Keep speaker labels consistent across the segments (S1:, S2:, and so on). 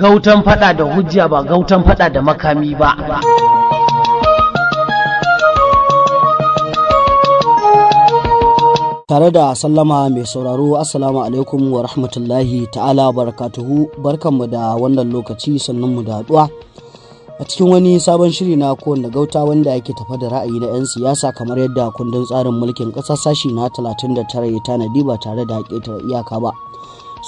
S1: gautan fada da hujja ba gautan fada da makami ba tare da sallama mai sauraro assalamu alaikum wa rahmatullahi ta'ala barakatuhu barkanmu da wannan lokaci sannanmu da haduwa a cikin wani sabon shiri na kowane gauta wanda yake tafa da ra'ayi na 'yan siyasa kamar yadda kundin tsarin mulkin ƙasa sashi na 39 ya tanadi ba tare da ƙetare iyaka ba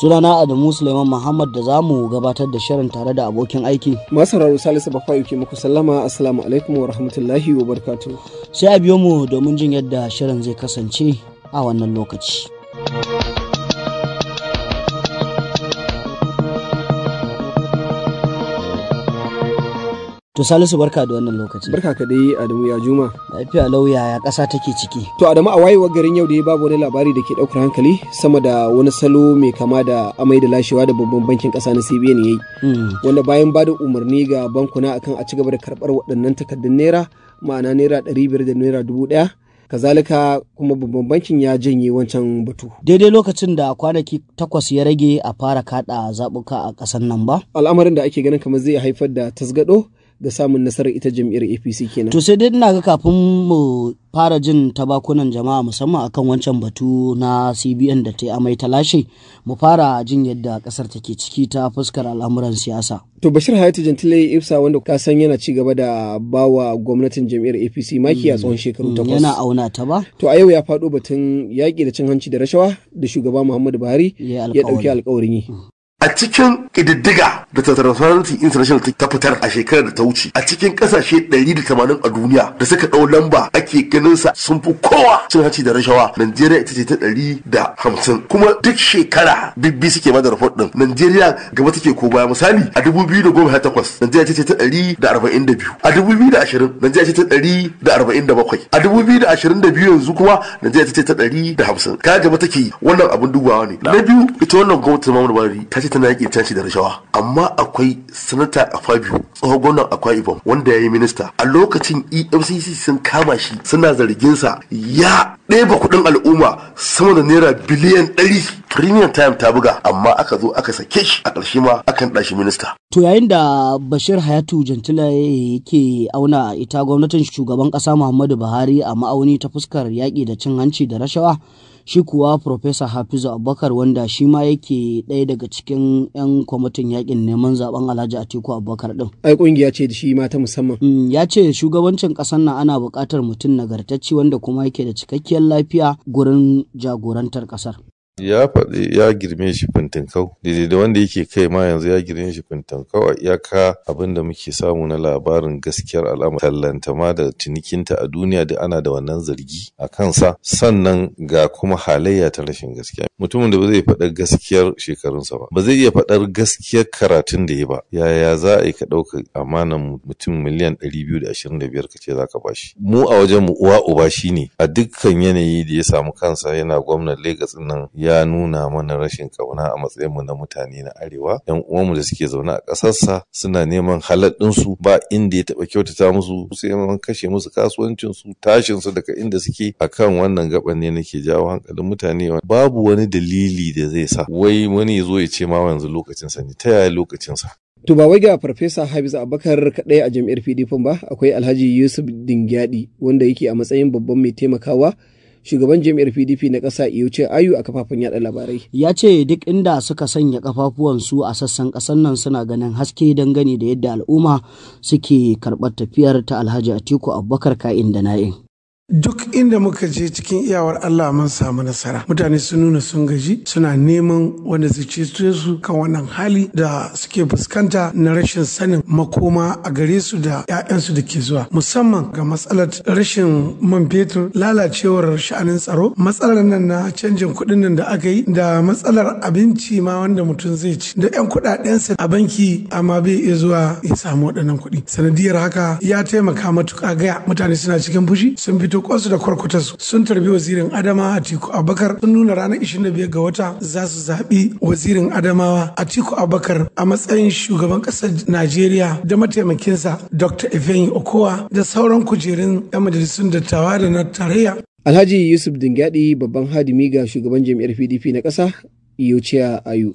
S1: sunana adamu suleiman muhammad da zamu gabatar da shirin tare da abokin aiki masu salisu bakwai ke muku sallama assalamu alaikum wa rahmatullahi wa barkatu sai a biyo mu domin jin yadda shirin zai kasance a wannan lokaci.
S2: To Salisu barka da wannan lokaci. Barka ka dai Adamu ya Juma. Lafiya lauya ya ƙasa take ciki. To Adamu a wayewar garin yau da babu wani labari da ke ɗaukar hankali sama da wani salo mai kama da amai da lashewa da babban bankin ƙasa na CBN yayi. Hmm. Wanda bayan bada umarni ga bankuna akan a ci gaba da karɓar waɗannan takardun naira ma'ana naira ɗari biyar da naira dubu ɗaya. kazalika kuma babban bankin ya janye wancan
S1: batu. Daidai lokacin da kwanaki takwas ya rage a fara kaɗa zaɓuka a ƙasar nan ba.
S2: Al'amarin da ake ganin kamar zai haifar da tasgado da samun nasarar ita jam'iyyar apc kenan to sai dai
S1: ina ga kafin mu fara jin tabakunan jama'a musamman akan wancan batu na cbn da ta yi amai ta lashe mu fara jin yadda kasar take ciki ta fuskar al'amuran siyasa
S2: to bashir hayatu jantile ifsa wanda ka san yana ci gaba da bawa gwamnatin jam'iyyar apc maki a mm, tsawon shekaru takwas yana auna ta ba to a yau ya faɗo batun yaƙi da cin hanci da rashawa da shugaba muhammadu buhari ya ɗauki alƙawarin yi mm.
S1: a cikin
S3: ƙididdiga da Transparency International ta fitar a shekarar da ta wuce a cikin ƙasashe 180 a duniya da suka ɗau lamba ake ganin sa sun fi kowa cin hanci da rashawa Najeriya ita ce ta 150 kuma duk shekara bibbi suke da report din Najeriya gaba take ko baya misali a 2018 Najeriya ita ce ta 142 a 2020 Najeriya ita ce ta 147 a 2022 yanzu kuma Najeriya ce ta 150 kaga gaba take wannan abin dubawa ne na biyu ita wannan gwamnati ta mamu da bari ta ce tana yake tashi da rashawa amma akwai sanata a akwabiyu tsohon gwamnan akwa ibom wanda ya yi minista a lokacin efcc sun kama shi suna zarginsa ya ɗeba kuɗin al'umma sama da naira biliyan ɗari premium time ta buga amma aka zo aka sake shi a ƙarshe ma akan ɗashi minista.
S1: To yayin da Bashir Hayatu Jantila yake auna ita gwamnatin shugaban ƙasa Muhammadu Buhari a ma'auni ta fuskar yaƙi da cin hanci da rashawa shi kuwa Profesa Hafizu Abubakar wanda shi ma yake ɗaya daga cikin 'yan kwamitin yakin neman zaben Alhaji Atiku Abubakar ɗin. Ai kungiya ce da shi ma ta musamman. Mm, ya ce shugabancin ƙasar nan ana buƙatar mutum nagartacci wanda kuma yake da cikakkiyar lafiya gurin jagorantar ƙasar.
S4: ya faɗi ya girme shi fintinkau daidai da wanda yake kai ma yanzu ya girme shi fintinkau a iyaka abin da muke samu na labarin gaskiyar al'amari tallanta ma da cinikinta a duniya da ana da wannan zargi a kansa sannan ga kuma halayya ta rashin gaskiya mutumin da ba zai faɗa gaskiyar shekarunsa ba ba zai iya faɗar gaskiyar karatun da ya ba yaya za a yi ka ɗauka amanan mutum miliyan ɗari biyu da ashirin da biyar ka ce za ka bashi mu a wajen mu uwa uba shi ne a dukkan yanayi da ya samu kansa yana gwamnan Legas nan ya nuna mana rashin kauna a matsayinmu na mutane na arewa yan uwanmu da suke zaune a ƙasarsa suna neman halal su ba inda ya taɓa kyautata musu sai man kashe musu kasuwancinsu tashinsu daga inda suke akan wannan gaban ne nake jawo hankalin mutane babu wani dalili da zai sa wai wani ya zo ya ce ma yanzu lokacinsa ne ta yaya lokacinsa
S2: To ba wai ga Farfesa Hafiz Abubakar kadai a Jami'ar PDP ba akwai Alhaji Yusuf Dingyadi wanda yake a matsayin babban mai taimakawa shugaban jami'ar pdp na ƙasa wuce ayu a kafafen yada labarai
S1: ya ce duk inda suka sanya kafafuwansu a sassan ƙasar nan suna ganin haske gani da yadda al'umma suke karɓar tafiyar ta alhaji atiku abubakar ka'in da na'in
S5: Duk inda muka je cikin iyawar Allah mun samu nasara. Mutane sun nuna sun gaji suna neman wanda su ce su kan wannan hali da suke fuskanta na rashin sanin makoma a gare su da 'ya'yansu da ke zuwa. Musamman ga matsalar rashin man fetur, lalacewar sha'anin tsaro, matsalar nan na canjin kuɗin nan da aka yi da matsalar abinci ma wanda mutum zai ci da 'yan kuɗaɗensa a banki amma bai iya zuwa ya samu waɗannan kuɗi. Sanadiyar haka ya taimaka matuƙa gaya mutane suna cikin fushi sun fito turkonsu da kwarkwatarsu sun tarbi wazirin adama atiku abakar sun nuna ranar 25 ga wata za su zaɓi wazirin adamawa atiku abakar a matsayin shugaban ƙasar najeriya da mataimakinsa dr efeyin okowa da sauran kujerun 'yan majalisun dattawa da na tarayya
S2: alhaji yusuf dingadi babban hadimi ga shugaban Jami'ar pdp na ƙasa iyo ayu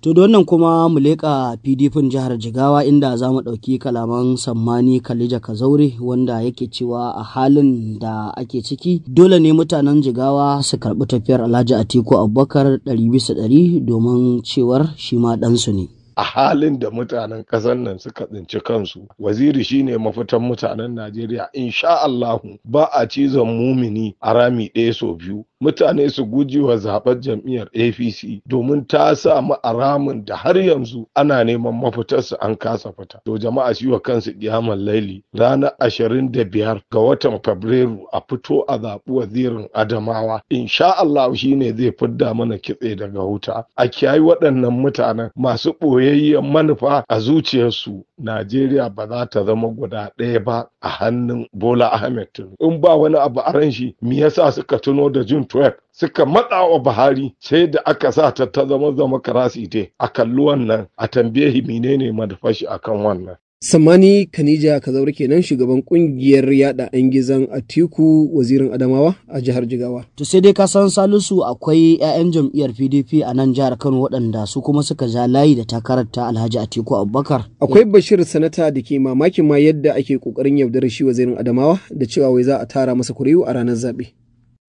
S2: To da wannan kuma mu leƙa PDP
S1: jihar Jigawa inda za mu ɗauki kalaman sammani Kalija Kazaure wanda yake cewa a halin da ake ciki dole ne mutanen Jigawa su karɓi tafiyar Alhaji Atiku Abubakar ɗari bisa domin cewar shi ma ɗansu ne.
S6: a halin da
S3: mutanen ƙasar nan suka tsinci kansu waziri shine mafitan mutanen najeriya insha allahu ba a cizon mumini a rami ɗaya sau biyu mutane su guji wa zaɓen jam'iyyar apc domin ta samu a ramin da har yanzu ana neman mafitarsu an kasa fita to jama'a shi wa kansu kiyamar laili ranar ashirin da biyar ga watan fabrairu a fito a zaɓi wazirin adamawa insha allahu shine zai fidda mana kitse daga wuta a kiyayi waɗannan mutanen masu ɓoye soyayyen manufa a zuciyarsu Najeriya ba za ta zama guda ɗaya ba a hannun Bola Ahmed tunu In ba wani abu a ran shi, me yasa suka tuno da jun 12 suka matsa wa Buhari sai da aka sa ta ta zama zama karasi dai a kalli wannan a tambaye menene manufar shi akan wannan.
S2: Samani Kanija Kazaure kenan shugaban kungiyar yada yan gizan Atiku wazirin Adamawa a jihar Jigawa. To sai dai ka san Salisu akwai
S1: 'ya'yan jam'iyyar PDP a nan jihar Kano waɗanda su kuma suka ja layi da takarar ta Alhaji Atiku
S2: Abubakar. Akwai Bashir sanata da ke mamakin ma yadda ake kokarin yaudarar shi wazirin Adamawa da cewa wai za a tara masa kuri'u a ranar zaɓe.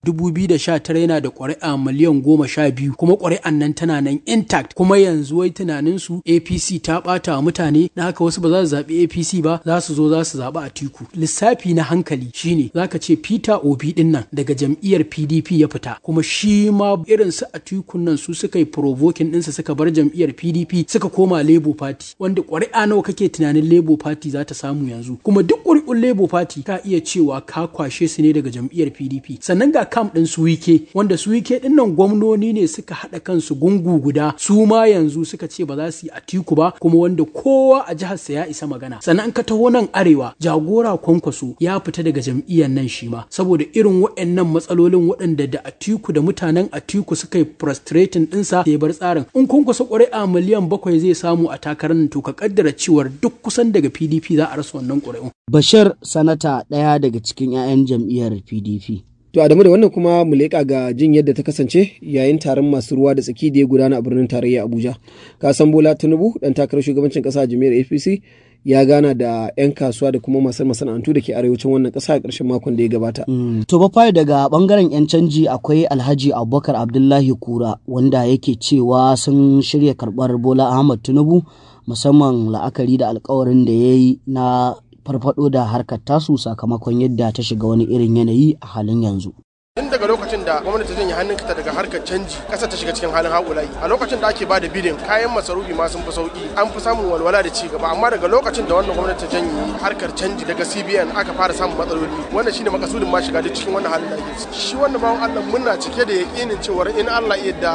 S5: 2019 yana da ƙuri'a miliyan goma sha biyu kuma ƙuri'an nan tana nan intact kuma yanzu wai tunanin su APC ta ɓata wa mutane na haka wasu ba za su zaɓi APC ba za su zo za su zaɓi a tiku. lissafi na hankali shine zaka ce Peter Obi din nan daga jam'iyyar PDP ya fita kuma shi ma irin su a tikun nan su suka yi provoking su suka bar jam'iyyar PDP suka koma Labour Party wanda ƙuri'a nawa kake tunanin Labour Party za ta samu yanzu kuma duk ƙuri'un Labour Party ka iya cewa ka kwashe su ne daga jam'iyyar PDP sannan ga kam ɗin suwike wanda suwike ɗin nan gwamnoni ne suka haɗa kansu gungu guda su ma yanzu suka ce ba za su yi atiku ba kuma wanda kowa a jihar sa ya isa magana sannan ka taho nan arewa jagora kwankwaso ya fita daga jam'iyyar nan shi ma saboda irin waɗannan matsalolin waɗanda da atiku da mutanen atiku suka yi frustrating ɗinsa ya bar tsarin in kwankwaso ƙuri'a miliyan bakwai zai samu a takarar nan to ka kaddara cewar duk kusan daga pdp za a rasa wannan ƙuri'un
S2: bashar sanata ɗaya daga cikin 'ya'yan jam'iyyar pdp To Adamu da wannan kuma mu leƙa ga jin yadda ta kasance yayin taron masu ruwa da tsaki da ya gudana a birnin tarayya Abuja. Kasan Bola Tinubu dan takarar shugabancin ƙasa jami'ar APC ya gana da 'yan kasuwa da kuma masu masana'antu da ke arewacin wannan ƙasa a ƙarshen makon da ya gabata.
S1: Mm. To ba daga bangaren 'yan canji akwai Alhaji Abubakar Abdullahi Kura wanda yake cewa sun shirya karɓar Bola Ahmad Tinubu musamman la'akari da alkawarin da ya yi na farfaɗo da harkar tasu sakamakon yadda ta shiga wani irin yanayi a halin yanzu. tun
S5: daga lokacin da gwamnati janye ta daga harkar canji ƙasa ta shiga cikin halin haƙulayi a lokacin da ake bada bidin kayan masarufi ma sun fi sauki an fi samun walwala da ci gaba amma daga lokacin da wannan gwamnati ta janye harkar canji daga CBN aka fara samun matsaloli wannan shine makasudin ma shiga duk cikin wannan halin da ake shi wannan bawan Allah muna cike da yakinin cewar in Allah ya da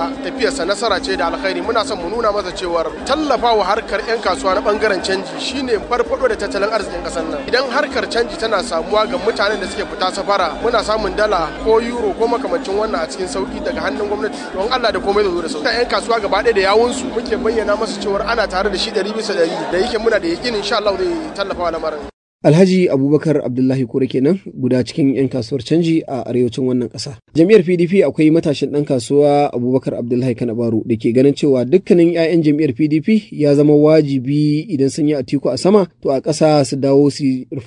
S5: sa nasara ce da alkhairi muna son mu nuna masa cewar. tallafawa harkar yan kasuwa na bangaren canji shine farfado da tattalin arzikin ƙasar nan idan harkar canji tana samuwa ga mutanen da suke fita safara muna samun dala ko euro ko makamancin wannan a cikin sauki daga hannun gwamnati don Allah da komai da zo da sauki yan kasuwa gaba ɗaya da su muke bayyana masu cewa ana tare da shi ɗari bisa ɗari da yake muna da yakin insha Allah zai tallafa wa lamarin
S2: Alhaji Abubakar Abdullahi Kore kenan guda cikin 'yan kasuwar canji a arewacin wannan ƙasa. Jam'iyyar PDP akwai matashin ɗan kasuwa Abubakar Abdullahi Kanabaru da ke ganin cewa dukkanin 'ya'yan jam'iyyar PDP ya zama wajibi idan sun yi a tiku a sama to a ƙasa su dawo su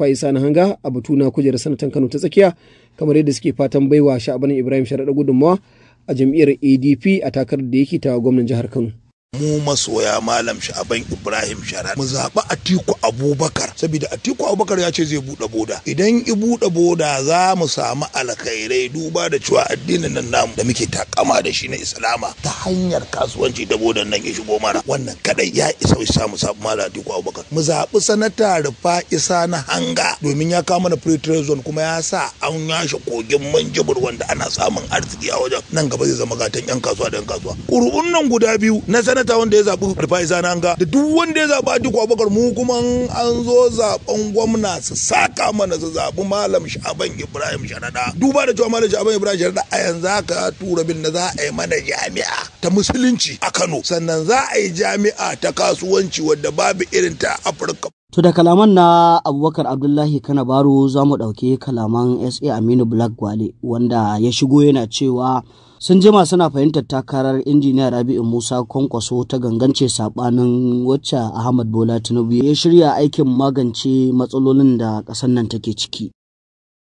S2: isa na hanga a batu na kujerar sanatan Kano ta tsakiya kamar yadda suke fatan baiwa sha'abanin Ibrahim Sharaɗa gudunmawa a jam'iyyar ADP a takarar da yake ta gwamnan jihar Kano.
S3: mu masoya malam sha'aban ibrahim Shara. mu zaɓi atiku abubakar saboda atiku abubakar ya ce zai buɗe boda idan i buɗe boda za mu samu alkhairai duba da cewa addinin nan namu da muke takama da shi na islama ta hanyar kasuwanci da bodan nan ya shigo mara. wannan kadai ya isa mu samu sabu malam atiku abubakar mu zaɓi sanata rufa isa na hanga domin ya kawo mana free zone kuma ya sa an yashe kogin manjibir wanda ana samun arziki a wajen nan gaba zai zama gatan yan kasuwa da yan kasuwa ƙuri'un nan guda biyu na sanata wanda ya zaɓi na zananga da duk wanda ya zaɓi atiku abubakar mu kuma an zo zaɓen gwamna su saka mana su zaɓi malam shaban ibrahim sharada duba da cewa malam shaban ibrahim sharada a yanzu haka tura bin da za a yi mana jami'a ta musulunci a kano sannan za a yi jami'a ta kasuwanci wadda babu irin ta afirka
S1: To da kalaman na Abubakar Abdullahi Kanabaru za mu ɗauki kalaman SA Aminu Black wale wanda ya shigo yana cewa sun jima suna fahimtar takarar injiniya rabi'u musa kwankwaso ta gangance sabanin wacce ahmad bola tinubu ya shirya aikin magance matsalolin da ƙasar nan take ciki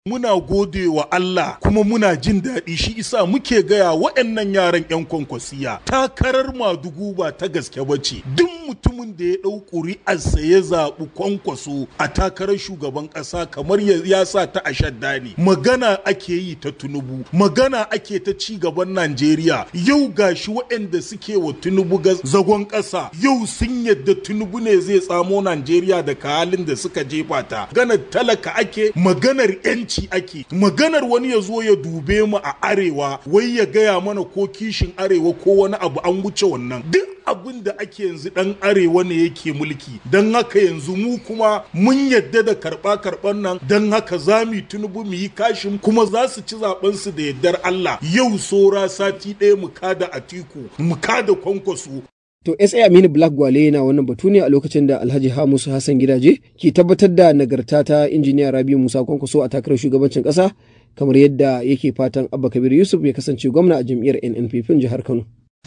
S3: muna gode wa Allah kuma muna jin daɗi shi isa muke gaya waɗannan yaran 'yan kwankwasiya takarar madugu ba ta gaske bace duk mutumin da ya ɗau ƙuri'arsa ya zaɓi kwankwaso a takarar shugaban ƙasa kamar ya sa ta a shadda ne magana ake yi ta tunubu magana ake ta ci gaban Najeriya yau gashi waɗanda suke wa tunubu zagon ƙasa yau sun yadda tunubu ne zai tsamo Najeriya da halin da suka jefa ta ganar talaka ake maganar 'yanci kishi ake maganar wani ya zo ya dube mu a arewa wai ya gaya mana ko kishin arewa ko wani abu an wuce wannan duk abin da ake yanzu dan arewa ne yake mulki don haka yanzu mu kuma mun yadda da karba karban nan don haka za mu tunubu mu yi kashin kuma za su ci zaben su da yardar Allah yau sora sati ɗaya mu kada atiku mu kada kwankwaso
S2: To SA Aminu Black Gwale yana wannan batu ne a lokacin da Alhaji Hamisu Hassan Gidaje ke tabbatar da nagarta ta injiniya Rabiu Musa Kwankwaso a takarar shugabancin ƙasa kamar yadda yake fatan Abba Kabir Yusuf ya kasance gwamna a jam'iyyar NNPP jihar
S7: Kano.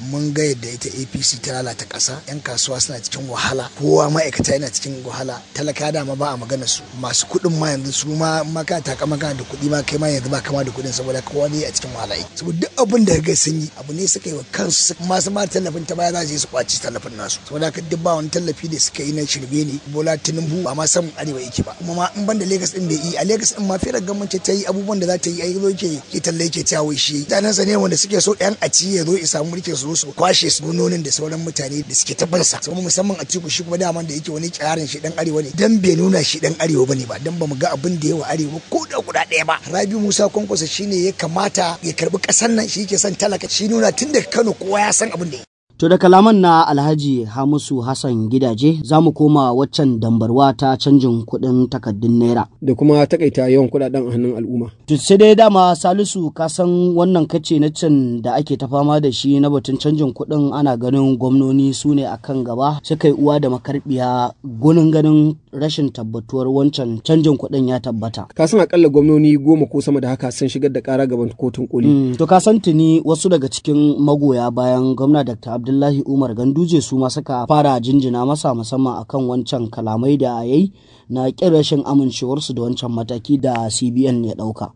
S7: mun ga yadda ita apc ta lalata kasa yan kasuwa suna cikin wahala kowa ma'aikata yana cikin wahala talaka dama ba a magana su masu kuɗin ma yanzu su ma maka kama maka da kuɗi ma kai ma yanzu ba kama da kuɗin saboda kowa ne a cikin wahala saboda duk abin da ga sun yi abu ne suka yi wa kansu masu ma tallafin ta baya za su yi su kwaci tallafin nasu saboda ka duk ba wani tallafi da suka yi na shirme ne bola tinubu ba ma samun arewa yake ba kuma ma in banda lagos din da yi a legas din ma fira gwamnati ta yi abubuwan da za ta yi a yi zo ke talle ke ciyawo shi sa ne wanda suke so yan a ci ya zo ya samu mulkin su zo su kwashe su nonin da sauran mutane da suke sa kuma musamman a tiku shi kuma daman da yake wani kirarin shi dan arewa ne dan bai nuna shi dan arewa bane ba dan bamu ga abin da yawa arewa ko da guda ɗaya ba rabi musa kwankwasa shine ya kamata ya karbi ƙasar nan shi yake son talaka shi nuna tun daga kano kowa ya san abin da ya
S1: To da kalaman na Alhaji Hamisu Hassan gidaje za mu koma waccan dambarwa ta canjin kuɗin takardun naira. Da kuma takaita yawan kuɗaɗen a hannun al'umma. To sai dai dama Salisu ka san wannan kace na can da ake ta fama da shi na batun canjin kuɗin ana ganin gwamnoni su ne a kan gaba suka yi uwa da makarbiya gunin ganin rashin tabbatuwar wancan canjin kuɗin ya tabbata.
S2: Ka san akalla gwamnoni goma ko sama da haka sun shigar da ƙara gaban kotun koli. Mm,
S1: to ka san tuni wasu daga cikin magoya bayan gwamna Dr. Abdul abdullahi umar ganduje su ma suka fara jinjina masa musamman akan wancan kalamai da yayi na ƙin rashin amincewarsu da wancan mataki da cbn ya ɗauka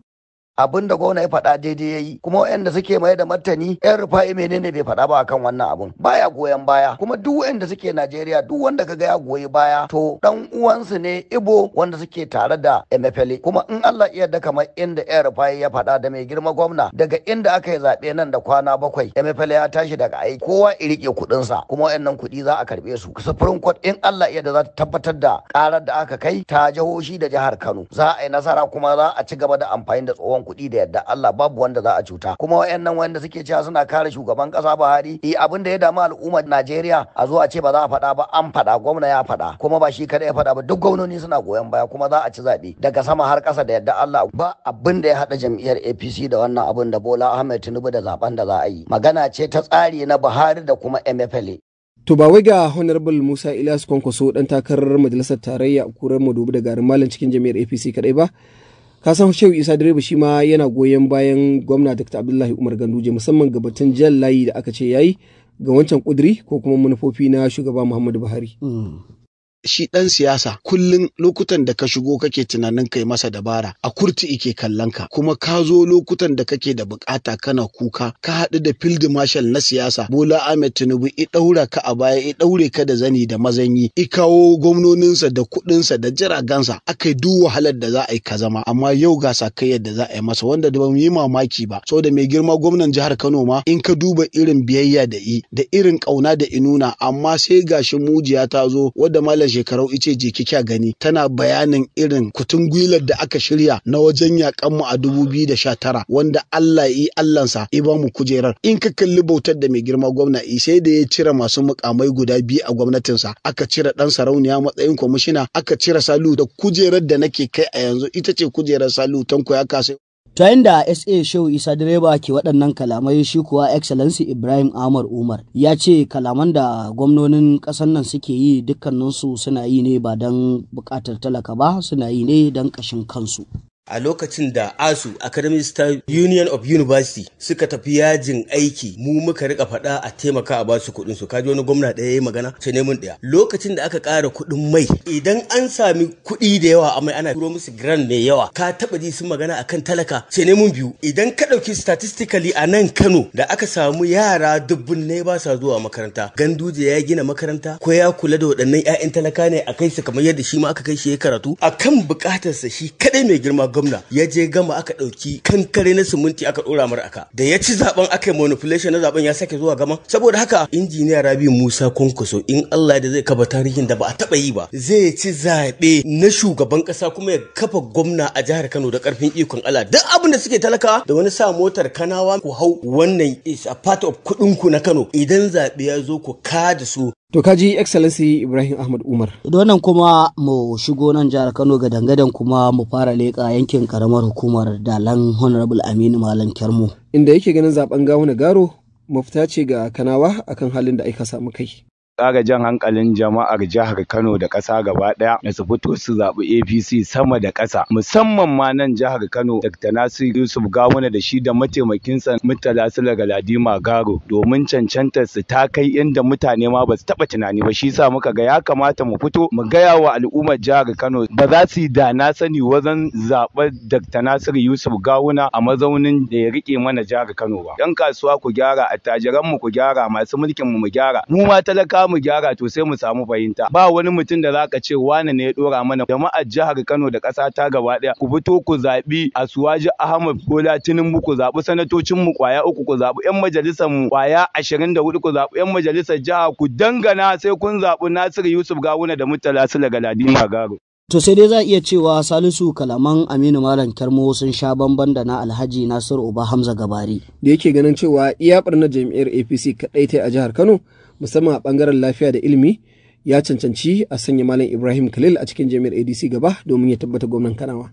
S7: abin da gwamna ya faɗa daidai ya yi kuma waɗanda suke mai da martani yan rufa'i menene bai faɗa ba akan wannan abun baya goyon baya kuma duk wanda suke Najeriya duk wanda kaga ya goyi baya to dan uwansu ne Ibo wanda suke tare da Emefele kuma in Allah iya da kamar inda yan rufa'i ya faɗa da mai girma gwamna daga inda aka yi zaɓe nan da kwana bakwai Emefele ya tashi daga aiki kowa ya rike sa. kuma wayannan kuɗi za a karɓe su sufurin kwat in Allah iya da za ta tabbatar da karar da aka kai ta jihohi da jihar Kano za a yi nasara kuma za a ci gaba da amfani da tsohon kuɗi da yadda Allah babu wanda za a cuta kuma wayannan wanda suke cewa suna kare shugaban ƙasa Buhari eh abin da ya damu al'ummar Najeriya a zo a ce ba za a faɗa ba an faɗa gwamna ya faɗa kuma ba shi kada ya faɗa ba duk gwamnoni suna goyon baya kuma za a ci zaɓe daga sama har ƙasa da yadda Allah ba abin da ya haɗa jam'iyyar APC da wannan abin da Bola Ahmed Tinubu da zaben da za a yi magana ce ta tsari na Buhari da kuma MFLA
S2: To ba wai ga Honorable Musa Ilyas Kwankwaso dan takarar majalisar tarayya a kurar Madobi da garin Malam cikin jami'ar APC kadai ba, ka san shehu isa direba shi ma yana goyon bayan gwamna dr abdullahi umar ganduje musamman ga batun jan layi da aka ce yayi ga wancan kuduri ko kuma manufofi na shugaba muhammadu buhari mm. shi ɗan siyasa kullum lokutan da ka shigo kake tunanin kai masa dabara a kurti ike
S6: kallon ka kuma ka zo lokutan da kake da bukata kana kuka ka haɗu da field marshal na siyasa Bola Ahmed Tinubu i ɗaura ka a baya i ɗaure ka da zani da mazanyi i kawo gwamnoninsa da kuɗinsa da jiragansa aka yi duk wahalar da za a yi ka zama amma yau ga kai yadda za a yi masa wanda da ba yi mamaki ba saboda mai girma gwamnan jihar Kano ma in ka duba irin biyayya da i da irin ƙauna da inuna amma sai gashi mujiya ta zo wadda malam shekarau ice je kika gani tana bayanin irin kutun gwilar da aka shirya na wajen yakan mu a 2019 wanda Allah yi Allahnsa i ba mu kujerar in ka kalli bautar da mai girma gwamna sai da ya cire masu mukamai guda biyu a gwamnatinsa aka cire dan sarauniya matsayin kwamishina aka cire salu da kujerar da nake kai a yanzu ita ce kujerar salu tanko ya
S1: kasa ta da sa shehu isa direba ke waɗannan kalamai shi kuwa excellency ibrahim Amar umar ya ce kalaman da gwamnonin ƙasar nan suke yi dukkaninsu suna yi ne ba don buƙatar talaka ba suna yi ne don ƙashin kansu a lokacin
S6: da asu Academy star union of university suka tafi yajin aiki mu muka rika faɗa a taimaka a basu kuɗin su kaji wani gwamna ɗaya yayi magana ce mun ɗaya lokacin da aka ƙara kuɗin mai idan an sami kuɗi da yawa a mai ana turo musu grand mai yawa ka taɓa ji sun magana akan talaka ce mun biyu idan ka ɗauki statistically a nan kano da aka samu yara dubbun ne ba sa zuwa makaranta ganduje ya gina makaranta ko ya kula da waɗannan 'ya'yan talaka ne a kai su kamar yadda shi ma aka kai shi ya karatu akan buƙatarsa shi kaɗai mai girma gwamna ya je gama aka ɗauki kankare na siminti aka ɗora mara aka da ya ci zaben aka yi manipulation na zaben ya sake zuwa gama saboda haka injiniya rabi musa kwankwaso in allah da zai kafa tarihin da ba a taɓa yi ba zai ci zaɓe na shugaban ƙasa kuma ya kafa gwamna a jihar kano da ƙarfin ikon allah duk abin da suke talakawa da wani sa motar kanawa ku hau wannan is a part of kuɗinku na kano idan zaɓe ya zo ku kada su
S2: To kaji Excellency Ibrahim Ahmad Umar. Da
S1: wannan kuma mu shigo nan jihar Kano ga dangadan kuma mu fara leƙa yankin karamar hukumar
S2: Dalan Honorable Aminu Malam Kyarmu. Inda yake ganin zaben na garo mafita ce ga Kanawa akan halin da aka samu kai.
S8: ƙara jan hankalin jama'ar jihar Kano da ƙasa gaba ɗaya da su fito su zaɓi APC sama da ƙasa musamman ma nan jihar Kano Dr. Nasir Yusuf Gawuna da shi da mataimakinsa Murtala Sule Galadima Garo domin cancantar su ta kai inda mutane ma ba su taɓa tunani ba shi yasa muka ga ya kamata mu fito mu gaya wa al'ummar jihar Kano ba za su yi da na sani wajen zaɓar Dr. Nasir Yusuf Gawuna a mazaunin da ya riƙe mana jihar Kano ba. 'Yan kasuwa ku gyara, attajiranmu ku gyara, masu mulkinmu mu gyara, mu ma talaka za mu gyara to sai mu samu fahimta ba wani mutum da zaka ce wane ne ya dora mana jama'ar jihar Kano da ƙasa ta gaba ɗaya ku fito ku zaɓi Asuwaji Ahmad Bola Tinubu ku zaɓi sanatocin mu kwaya uku ku zaɓi yan majalisar mu kwaya 24 ku zaɓi yan majalisar jiha ku dangana sai kun zaɓi Nasiru Yusuf Gawuna da Murtala Sule Galadima Garo
S1: To sai dai za a iya cewa Salisu kalaman Aminu Malam Kermo sun sha
S2: bamban da na Alhaji nasiru Uba Hamza Gabari. Da yake ganin cewa iya barnar jami'ar APC kaɗai ta a jihar Kano musamman a ɓangaren lafiya da ilimi ya cancanci a sanya Malam Ibrahim Khalil a cikin jami'ar ADC gaba domin ya tabbata gwamnan Kanawa.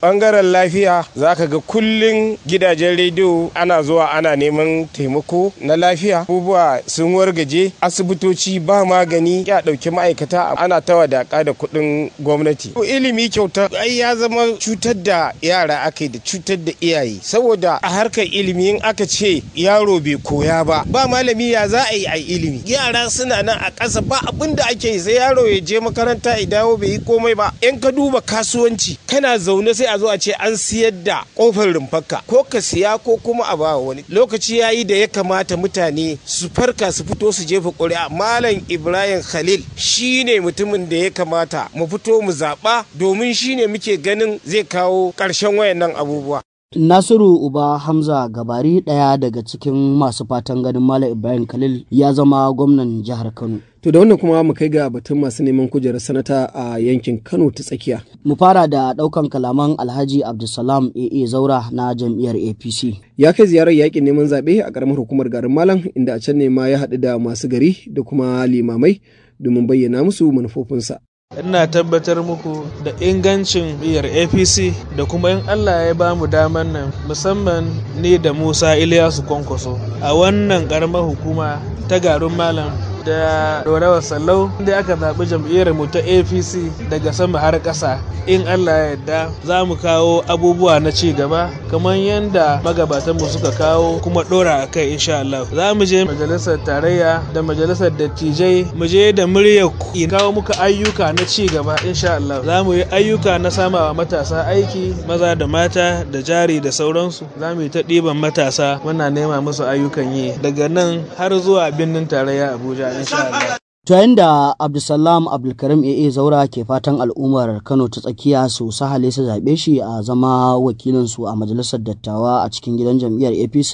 S2: bangaren lafiya
S6: za ka ga kullum gidajen rediyo ana zuwa ana neman taimako na lafiya abubuwa sun wargaje asibitoci ba magani ya ɗauki ma'aikata ana ta wadaƙa da kuɗin gwamnati ilimi kyauta ai ya zama cutar da yara aka da cutar da iyaye saboda a harkar ilimi in aka ce yaro bai koya ba ba malami ya za a yi a ilimi yara suna nan a ƙasa ba abin da ake yi sai yaro ya je makaranta ya dawo bai yi komai ba in ka duba kasuwanci kana zaune sai sai a zo a ce an siyar da kofar rumfarka ko ka siya ko kuma a ba wani lokaci ya yi da ya kamata mutane su farka su fito su jefa ƙuri'a malam ibrahim khalil shi ne mutumin da ya kamata mu fito mu zaɓa domin shi ne muke ganin zai kawo ƙarshen wayannan
S1: abubuwa Nasiru Uba Hamza Gabari ɗaya daga cikin masu fatan ganin Malam Ibrahim Khalil ya zama gwamnan jihar Kano. To da wannan kuma mu kai ga batun masu neman kujerar sanata a yankin Kano ta tsakiya. Mu fara da ɗaukan kalaman Alhaji Abdulsalam
S2: AA Zaura na jam'iyyar APC. Ya kai ziyarar yakin neman zaɓe a ƙaramar hukumar garin Malam inda a can ne ma ya haɗu da masu gari da kuma limamai domin bayyana musu manufofinsa.
S9: Ina tabbatar muku da ingancin biyar APC da kuma in Allah ya ba mu daman nan musamman ni da Musa Iliyasu Kwankwaso a wannan ƙaramar hukuma ta Garin Malam. da Dorawa Sallau da aka zaɓi jam'iyyar mu ta APC daga sama har ƙasa in Allah ya yarda za mu kawo abubuwa na ci gaba kamar yadda magabatanmu suka kawo kuma ɗora a kai insha Allah za mu je majalisar tarayya da majalisar dattijai mu je da murya. ku kawo muka ayyuka na ci gaba insha Allah za mu yi ayyuka na samawa matasa aiki maza da mata da jari da sauransu za mu yi ta ɗiban matasa muna nema musu ayyukan yi daga nan har zuwa birnin tarayya Abuja
S1: To da Abdulsalam Abdulkarim AA Zaura ke fatan al'ummar Kano ta tsakiya su sahale su zaɓe shi a zama wakilinsu a majalisar dattawa a cikin gidan jam'iyyar APC.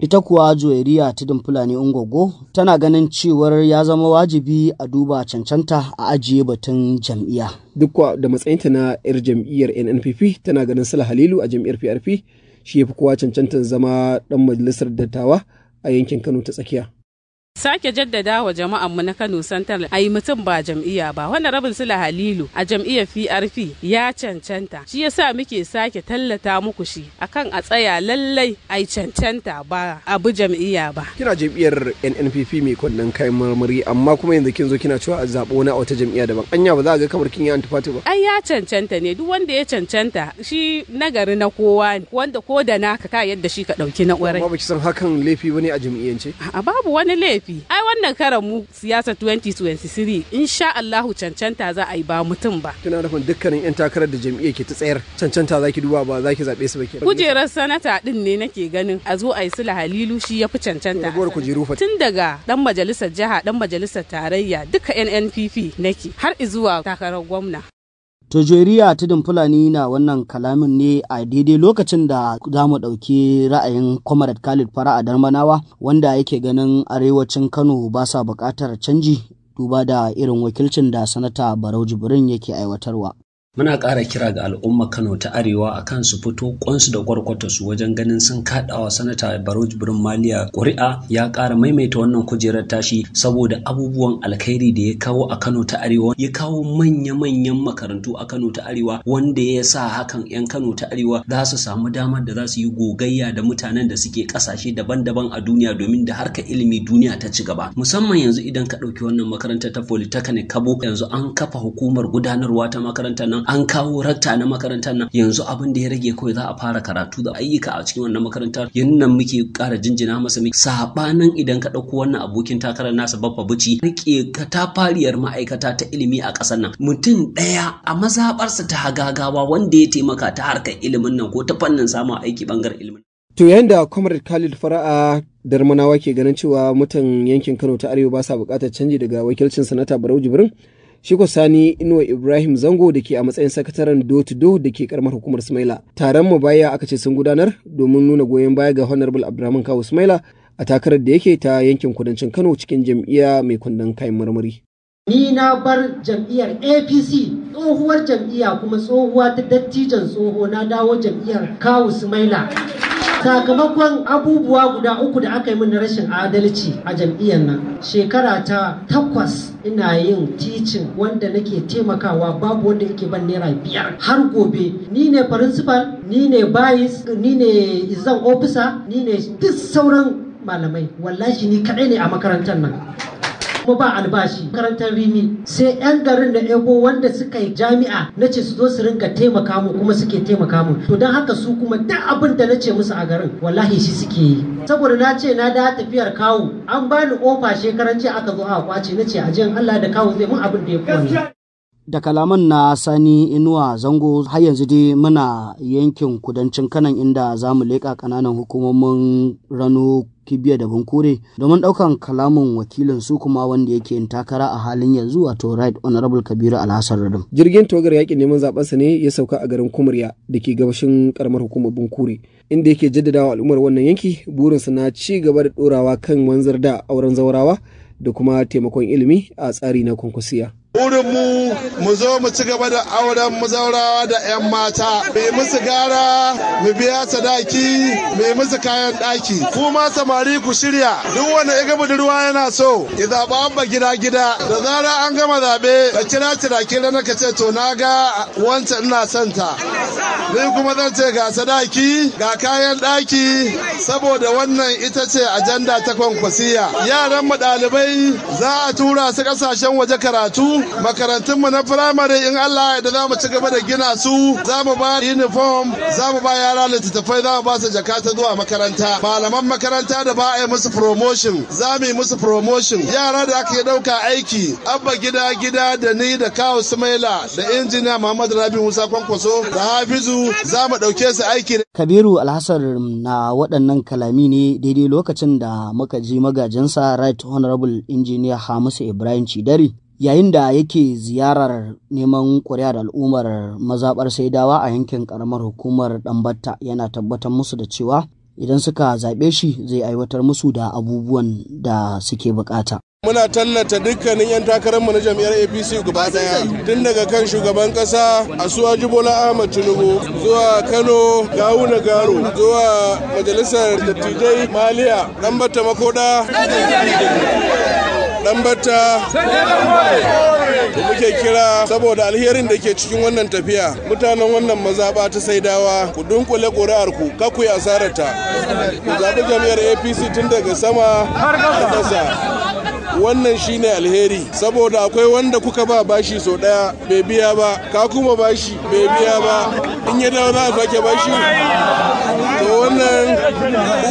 S1: Ita kuwa ta dimfula Fulani Ungogo tana ganin cewar ya zama wajibi a duba cancanta a ajiye batun
S2: jam'iyya. Duk da matsayinta na 'yar jam'iyyar NNPP tana ganin Sala Halilu a jam'iyyar PRP shi ya fi kowa cancantar zama ɗan majalisar dattawa a yankin Kano ta tsakiya.
S10: sake jaddada wa jama'anmu na Kano Central ai mutum ba jam'iyya ba wannan rabin sula Halilu a jam'iyyar PRP ya cancanta shi yasa muke sake tallata muku shi akan a tsaya lallai ai cancanta ba abu jam'iyya ba
S2: kina jam'iyyar NNPP mai kunnen kai marmari amma kuma yanzu kin zo kina cewa a zabo na wata jam'iyya daban anya ba za ga kamar kin yi antifati ba
S10: ai ya cancanta ne duk wanda ya cancanta shi nagari na kowa ne wanda ko da naka ka yadda shi ka dauki
S2: na kwarai amma ki san hakan laifi bane a jam'iyyance
S10: a babu wani laifi zafi ai wannan karan mu siyasa 2023 insha Allahu cancanta za a yi ba mutum ba
S2: kina da dukkanin yan takarar da jami'a ke ta tsayar cancanta za ki duba ba za ki zabe su
S10: ba ke kujerar sanata din ne nake ganin a zo a yi sula halilu shi ya fi cancanta tun daga dan majalisar jiha dan majalisar tarayya duka NNPP nake har izuwa takarar gwamna
S1: Tojeriya tudun Fulani na wannan kalamin ne a daidai lokacin da za mu ɗauki ra'ayin Comrade Khalid a Darmanawa wanda yake ganin arewacin Kano ba sa buƙatar canji duba da irin wakilcin da Sanata Barau Jibrin yake aiwatarwa. Muna ƙara kira ga al'umma Kano ta Arewa a kan su fito ƙunsu da su wajen ganin sun kaɗawa sanata baroj Jibrin Maliya ƙuri'a ya ƙara maimaita wannan kujerar tashi saboda abubuwan alkhairi da ya kawo a Kano ta Arewa ya kawo manya-manyan makarantu a Kano ta Arewa wanda ya sa hakan 'yan Kano ta Arewa za su samu damar da za su yi gogayya da mutanen da suke ƙasashe daban-daban a duniya domin da harka ilimi duniya ta ci gaba musamman yanzu idan ka ɗauki wannan makaranta ta Polytechnic Kabo yanzu an kafa hukumar gudanarwa ta makaranta nan. nan an kawo rakta na makarantar nan yanzu abin da ya rage kawai za a fara karatu da ayyuka a cikin wannan makarantar yin nan muke ƙara jinjina masa muke sabanin idan ka ɗauko wannan abokin takarar nasa babba buci rike katafariyar ma'aikata ta ilimi a ƙasar nan mutum ɗaya a mazaɓarsa ta hagagawa wanda ya taimaka ta harkar ilimin nan ko ta fannin samun aiki ɓangaren ilimin
S2: To yayin da Comrade Khalid Fara'a Darmanawa ke ganin cewa mutan yankin Kano ta Arewa ba sa bukatar canji daga wakilcin sanata Barau Jibrin Shiko Sani Inuwa Ibrahim Zango da ke a matsayin sakataren do-to-do da ke karamar hukumar smaila Taron mu baya aka ce sun gudanar domin nuna goyon baya ga Honorable Abdulrahman Kawu smaila a takarar da yake ta yankin kudancin Kano cikin jam'iyya mai kundin kayan marmari.
S1: Ni na bar jam'iyyar APC tsohuwar jam'iyya kuma tsohuwa ta dattijan tsoho na dawo jam'iyyar Kawu smaila sakamakon abubuwa guda uku da aka yi min rashin adalci a jam'iyyar nan shekara ta takwas ina yin ticin wanda nake taimakawa babu wanda yake ban naira biyar har gobe ni ne principal ni ne bayis ni ne izan ofisa ni ne duk sauran malamai wallahi ni kaɗai ne a makarantar nan kuma ba albashi makarantar rimi sai yan garin da ebo wanda suka yi jami'a na ce su zo su ringa taimaka mu kuma suke taimaka mu to don haka su kuma duk abin da na ce musu a garin wallahi shi suke yi saboda na ce na da tafiyar kawo an bani ofa shekaranci aka zo a kwace na ce a jiyan Allah da kawo zai mun abin da ya kowane da kalaman na sani inuwa zango har yanzu dai muna yankin kudancin kanan inda za mu leƙa ƙananan hukumomin rano kibiya da bunkure domin ɗaukan kalamin wakilin su kuma wanda yake yin takara a halin yanzu wato right honorable kabiru alhassan radum
S2: jirgin togar yakin neman sa ne ya sauka a garin kumurya da ke gabashin karamar hukumar bunkure inda yake jaddadawa al'ummar wannan yanki burinsa na ci gaba da ɗorawa kan wanzar da auren zaurawa da kuma taimakon ilimi a tsari na kwankwasiya
S3: mu mu zo mu ci gaba da auren mazaurawa da 'yan mata mai musu gara mu biya sadaki mai musu kayan ɗaki kuma samari ku shirya duk wanda ya budurwa yana so ya zaɓa ba gida gida da zara an gama zaɓe ka kira ciraki na ka ce to na ga wancan ina son ta ni kuma zan ce ga sadaki ga kayan ɗaki saboda wannan ita ce ajanda ta kwankwasiya yaran mu ɗalibai za a tura su ƙasashen waje karatu Makarantunmu na firamare in Allah da za mu ci gaba da gina su za mu ba uniform za mu ba yara littattafai za mu ba su jaka ta zuwa makaranta malaman makaranta da ba a yi musu promotion za mu yi musu promotion yara da aka yi dauka aiki abba gida gida da ni da kawo sumaila da injiniya muhammad rabi musa kwankwaso da hafizu za mu dauke su aiki
S1: kabiru alhassan na waɗannan kalami ne daidai lokacin da muka ji magajinsa right honorable Injiniya hamisu ibrahim cidari yayin da yake ziyarar neman da al'ummar mazaɓar saidawa a yankin karamar hukumar ɗanbatta yana tabbatar musu da cewa idan suka zaɓe shi zai aiwatar musu da abubuwan da suke bukata.
S5: muna tallata dukkanin 'yan takararmu na jam'iyyar apc gaba daya tun daga kan shugaban kasa su jibola ahmad tinubu zuwa kano na garo zuwa majalisar dattijai maliya dan bata makoda dan da muke kira saboda alherin da ke cikin wannan tafiya mutanen wannan mazaɓa ta saidawa ku dunkule ƙuri'ar ku kaku ya asararta ku zaɓi jam'iyyar apc tun daga sama a ƙasa wannan shine alheri saboda akwai wanda kuka ba bashi sau ɗaya, bai biya ba ka kuma bashi bai biya ba in ya dawo za a sake bashi
S2: to wannan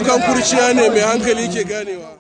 S4: kukan kurciya ne mai
S5: hankali ke
S2: ganewa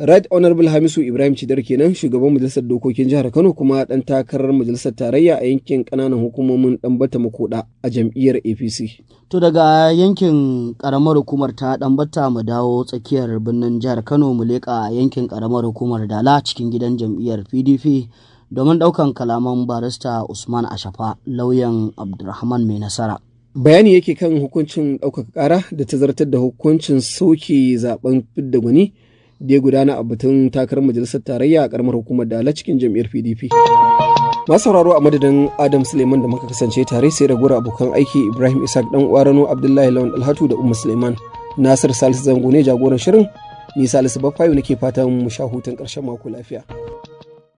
S2: Right Honorable Hamisu Ibrahim Cidar kenan shugaban majalisar dokokin jihar Kano kuma dan takarar majalisar tarayya a yankin kananan hukumomin Dambata Makoda a jam'iyyar APC.
S1: To daga yankin karamar hukumar ta Dambata mu dawo tsakiyar birnin jihar Kano mu leƙa yankin karamar hukumar Dala cikin gidan jam'iyyar PDP domin ɗaukan kalaman barista
S2: Usman Ashafa lauyan Abdulrahman mai nasara. Bayani yake kan hukuncin ɗaukaka ƙara da ta zartar da hukuncin soke zaben fidda gwani da ya gudana a batun takarar majalisar tarayya a karamar hukumar dala cikin jam'iyyar pdp masu sauraro a madadin adam suleiman da muka kasance tare sai da gura abokan aiki ibrahim isaac dan uwarano abdullahi lawan alhatu da umma suleiman nasir salisu zango ne jagoran shirin ni salisu bafayo nake fatan mu sha hutun karshen mako lafiya